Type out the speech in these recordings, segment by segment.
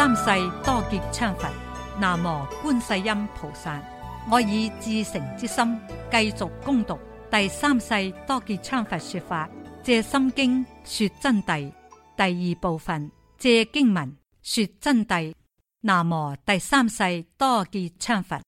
三世多杰羌佛，南無觀世音菩薩。我以至誠之心繼續恭讀第三世多杰羌佛說法，借心經說真諦第二部分，借經文說真諦。南無第三世多杰羌佛。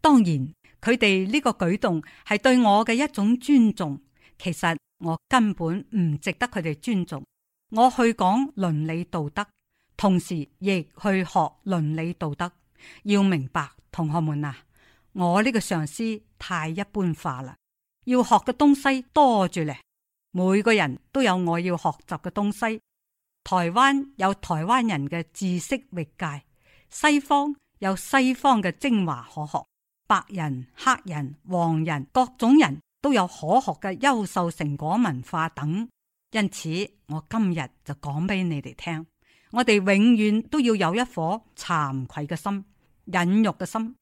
當然，佢哋呢個舉動係對我嘅一種尊重。其實我根本唔值得佢哋尊重。我去講倫理道德。同時，亦去學倫理道德，要明白，同學們啊，我呢個上司太一般化啦。要學嘅東西多住呢，每個人都有我要學習嘅東西。台灣有台灣人嘅知識域界，西方有西方嘅精華可學，白人、黑人、黃人各種人都有可學嘅優秀成果、文化等。因此，我今日就講俾你哋聽。我哋永遠都要有一顆慚愧嘅心、忍辱嘅心，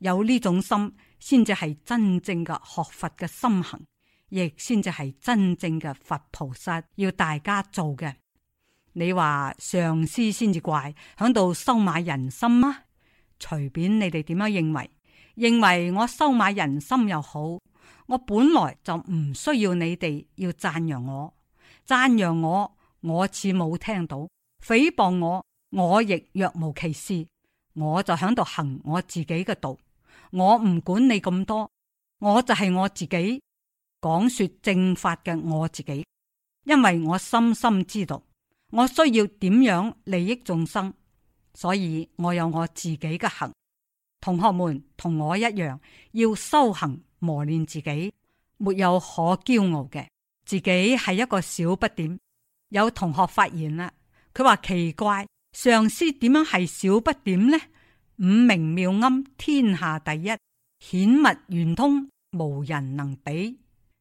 有呢種心先至係真正嘅學佛嘅心行，亦先至係真正嘅佛菩薩要大家做嘅。你話上師先至怪響度收買人心嗎？隨便你哋點樣認為，認為我收買人心又好，我本來就唔需要你哋要讚揚我，讚揚我，我似冇聽到。誹謗我，我亦若無其事，我就喺度行我自己嘅道，我唔管你咁多，我就係我自己講說正法嘅我自己，因為我深深知道我需要點樣利益眾生，所以我有我自己嘅行。同學們同我一樣要修行磨練自己，沒有可驕傲嘅，自己係一個小不點。有同學發現啦。佢話奇怪，上司點樣係小不點呢？五明妙諳天下第一，顯密圓通無人能比。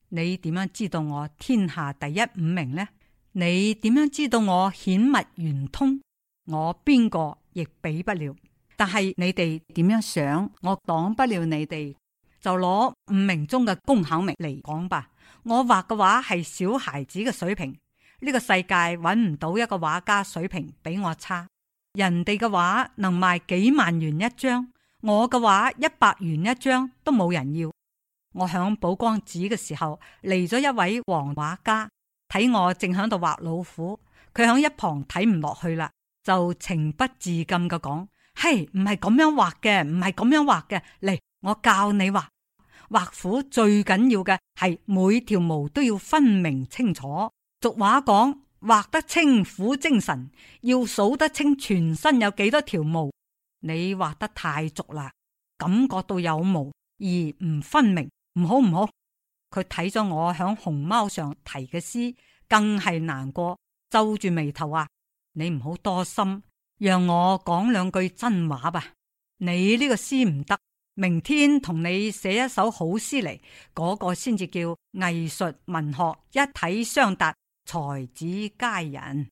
你點樣知道我天下第一五明呢？你點樣知道我顯密圓通？我邊個亦比不了。但係你哋點樣想？我擋不了你哋。就攞五明中嘅工巧明嚟講吧。我畫嘅畫係小孩子嘅水平。呢個世界揾唔到一個畫家水平比我差，人哋嘅畫能賣幾萬元一張，我嘅畫一百元一張都冇人要。我響寶光寺嘅時候嚟咗一位黃畫家，睇我正響度畫老虎，佢響一旁睇唔落去啦，就情不自禁嘅講，嘿，唔係咁樣畫嘅，唔係咁樣畫嘅，嚟我教你畫。畫虎最緊要嘅係每條毛都要分明清楚。俗話講，畫得清虎精神，要數得清全身有幾多條毛。你畫得太俗啦，感覺到有毛而唔分明，唔好唔好。佢睇咗我響熊貓上題嘅詩，更係難過，皺住眉頭啊！你唔好多心，讓我講兩句真話吧。你呢個詩唔得，明天同你寫一首好詩嚟，嗰個先至叫藝術文學一體相達。才子佳人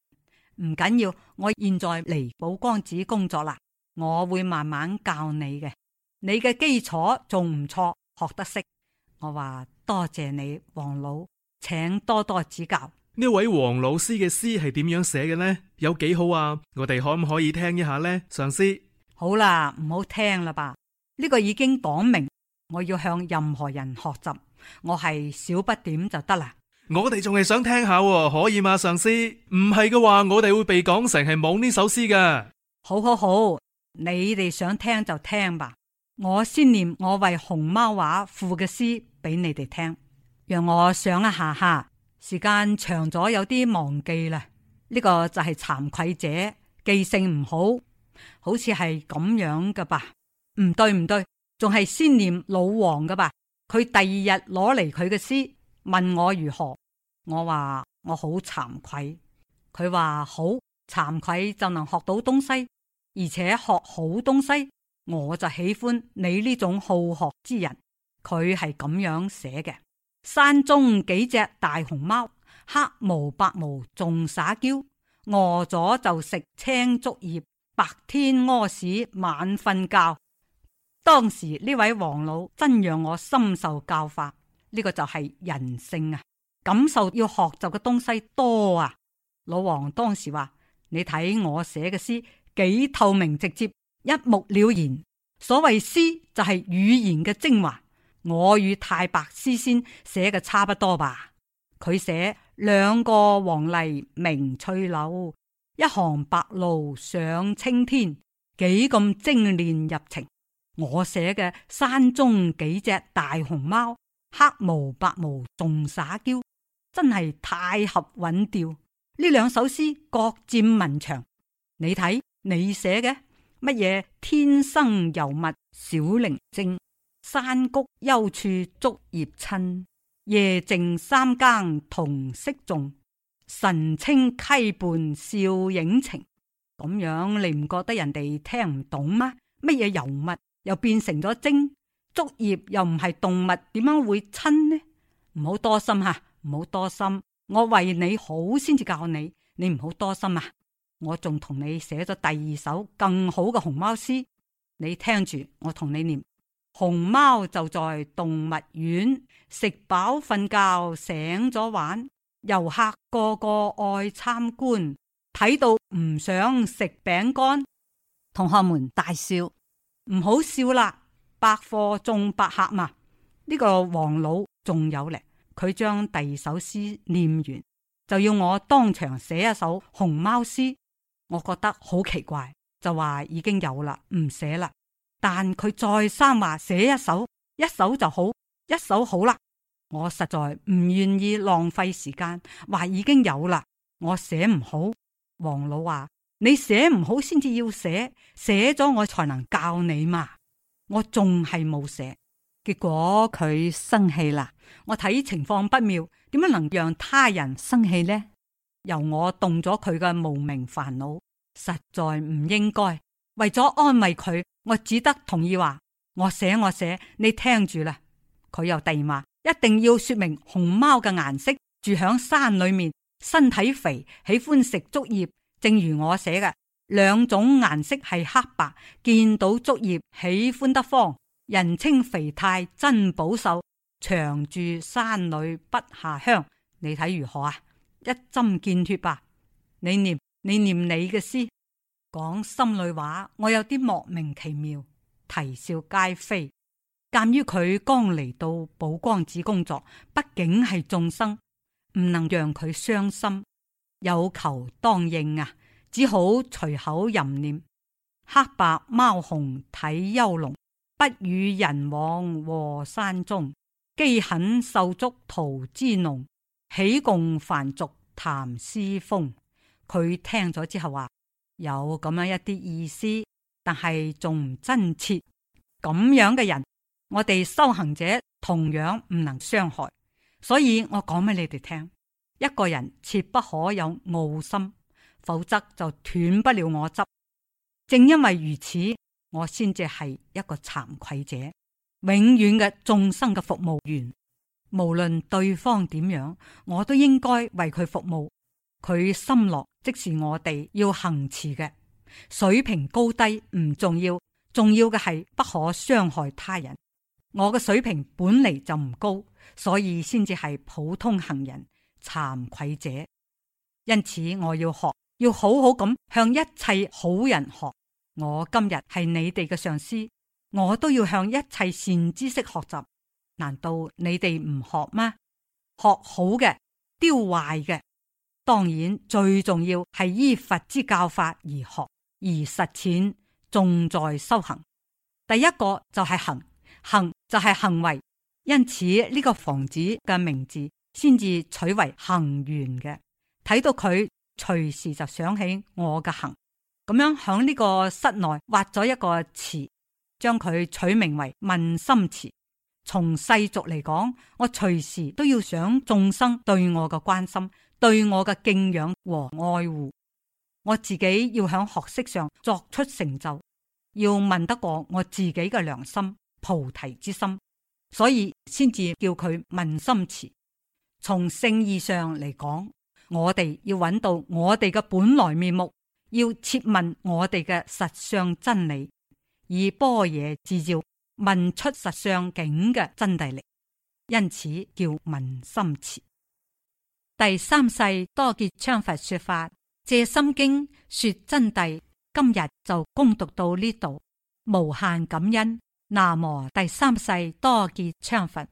唔緊要，我現在嚟，寶光寺工作啦。我會慢慢教你嘅，你嘅基礎仲唔錯，學得識。我話多謝你，王老，請多多指教。呢位王老師嘅詩係點樣寫嘅呢？有幾好啊？我哋可唔可以聽一下呢？上司，好啦，唔好聽啦吧。呢、這個已經講明，我要向任何人學習，我係小不點就得啦。我哋仲係想聽下，哦，可以嗎，上司？唔係嘅話，我哋會被講成係冇呢首詩嘅。好好好，你哋想聽就聽吧。我先念我為熊貓畫賦嘅詩俾你哋聽。讓我想一下下，時間長咗有啲忘記啦。呢個就係慚愧者記性唔好，好似係咁樣嘅吧？唔對唔對，仲係先念老王嘅吧？佢第二日攞嚟佢嘅詩。問我如何，我話我好慚愧。佢話好慚愧就能學到東西，而且學好東西。我就喜歡你呢種好學之人。佢係咁樣寫嘅：山中幾隻大熊貓，黑毛白毛仲撒嬌，餓咗就食青竹葉，白天屙屎晚瞓覺。當時呢位黃老真讓我深受教化。呢個就係人性啊！感受要學習嘅東西多啊！老王當時話：「你睇我寫嘅詩幾透明直接，一目了然。所謂詩就係語言嘅精華。我與太白詩仙寫嘅差不多吧。佢寫兩個黃鸝鳴翠柳，一行白鷺上青天，幾咁精煉入情。我寫嘅山中幾隻大熊貓。黑毛白毛仲撒嬌，真係太合韻調。呢兩首詩各占文長，你睇你寫嘅乜嘢天生尤物小靈精，山谷幽處竹葉親，夜靜三更同色重，神清溪畔笑影情。咁樣你唔覺得人哋聽唔懂嗎？乜嘢尤物又變成咗精？竹葉又唔係動物，點樣會親呢？唔好多心吓、啊，唔好多心。我為你好先至教你，你唔好多心啊！我仲同你寫咗第二首更好嘅熊貓詩，你聽住，我同你念。熊貓就在動物園，食飽瞓覺醒咗玩，遊客個個，個愛參觀，睇到唔想食餅乾。同學們大笑，唔好笑啦！百貨中百客嘛？呢、這個黃老仲有咧，佢將第二首詩念完，就要我當場寫一首熊貓詩。我覺得好奇怪，就話已經有啦，唔寫啦。但佢再三話寫一首，一首就好，一首好啦。我實在唔願意浪費時間，話已經有啦，我寫唔好。黃老話：你寫唔好先至要寫，寫咗我才能教你嘛。我仲係冇寫，結果佢生氣啦。我睇情況不妙，點樣能讓他人生氣呢？由我動咗佢嘅無明煩惱，實在唔應該。為咗安慰佢，我只得同意話我寫我寫，你聽住啦。佢又地話，一定要說明熊貓嘅顏色住響山裏面，身體肥，喜歡食竹葉，正如我寫嘅。兩種顏色係黑白，見到竹葉喜歡得慌，人稱肥太真保守，長住山裏不下鄉，你睇如何啊？一針見血吧！你念你念你嘅詩，講心裏話，我有啲莫名其妙，啼笑皆非。鑒於佢剛嚟到寶光寺工作，畢竟係眾生，唔能讓佢傷心，有求當應啊！只好隨口吟念，黑白貓熊睇幽龍，不與人往和山中，饑啃瘦足桃之濃，喜共凡俗談詩風。佢聽咗之後話：有咁樣一啲意思，但係仲唔真切。咁樣嘅人，我哋修行者同樣唔能傷害。所以我講俾你哋聽，一個人切不可有傲心。否則就斷不了我執。正因為如此，我先至係一個慚愧者，永遠嘅眾生嘅服務員。無論對方點樣，我都應該為佢服務。佢心落，即是我哋要行持嘅水平高低唔重要，重要嘅係不可傷害他人。我嘅水平本嚟就唔高，所以先至係普通行人慚愧者。因此，我要學。要好好咁向一切好人學。我今日係你哋嘅上司，我都要向一切善知識學習。難道你哋唔學嗎？學好嘅，丟壞嘅。當然最重要係依佛之教法而學而實踐，重在修行。第一個就係行，行就係行為。因此呢個房子嘅名字先至取為行願嘅。睇到佢。隨時就想起我嘅行，咁樣響呢個室內挖咗一個池，將佢取名為問心池。從世俗嚟講，我隨時都要想眾生對我嘅關心、對我嘅敬仰和愛護，我自己要響學識上作出成就，要問得過我自己嘅良心、菩提之心，所以先至叫佢問心池。從聖義上嚟講。我哋要揾到我哋嘅本來面目，要切問我哋嘅實相真理，以般若自照問出實相境嘅真諦力，因此叫問心切。第三世多杰羌佛說法《藉心經》說真諦，今日就攻讀到呢度，無限感恩。南無第三世多杰羌佛。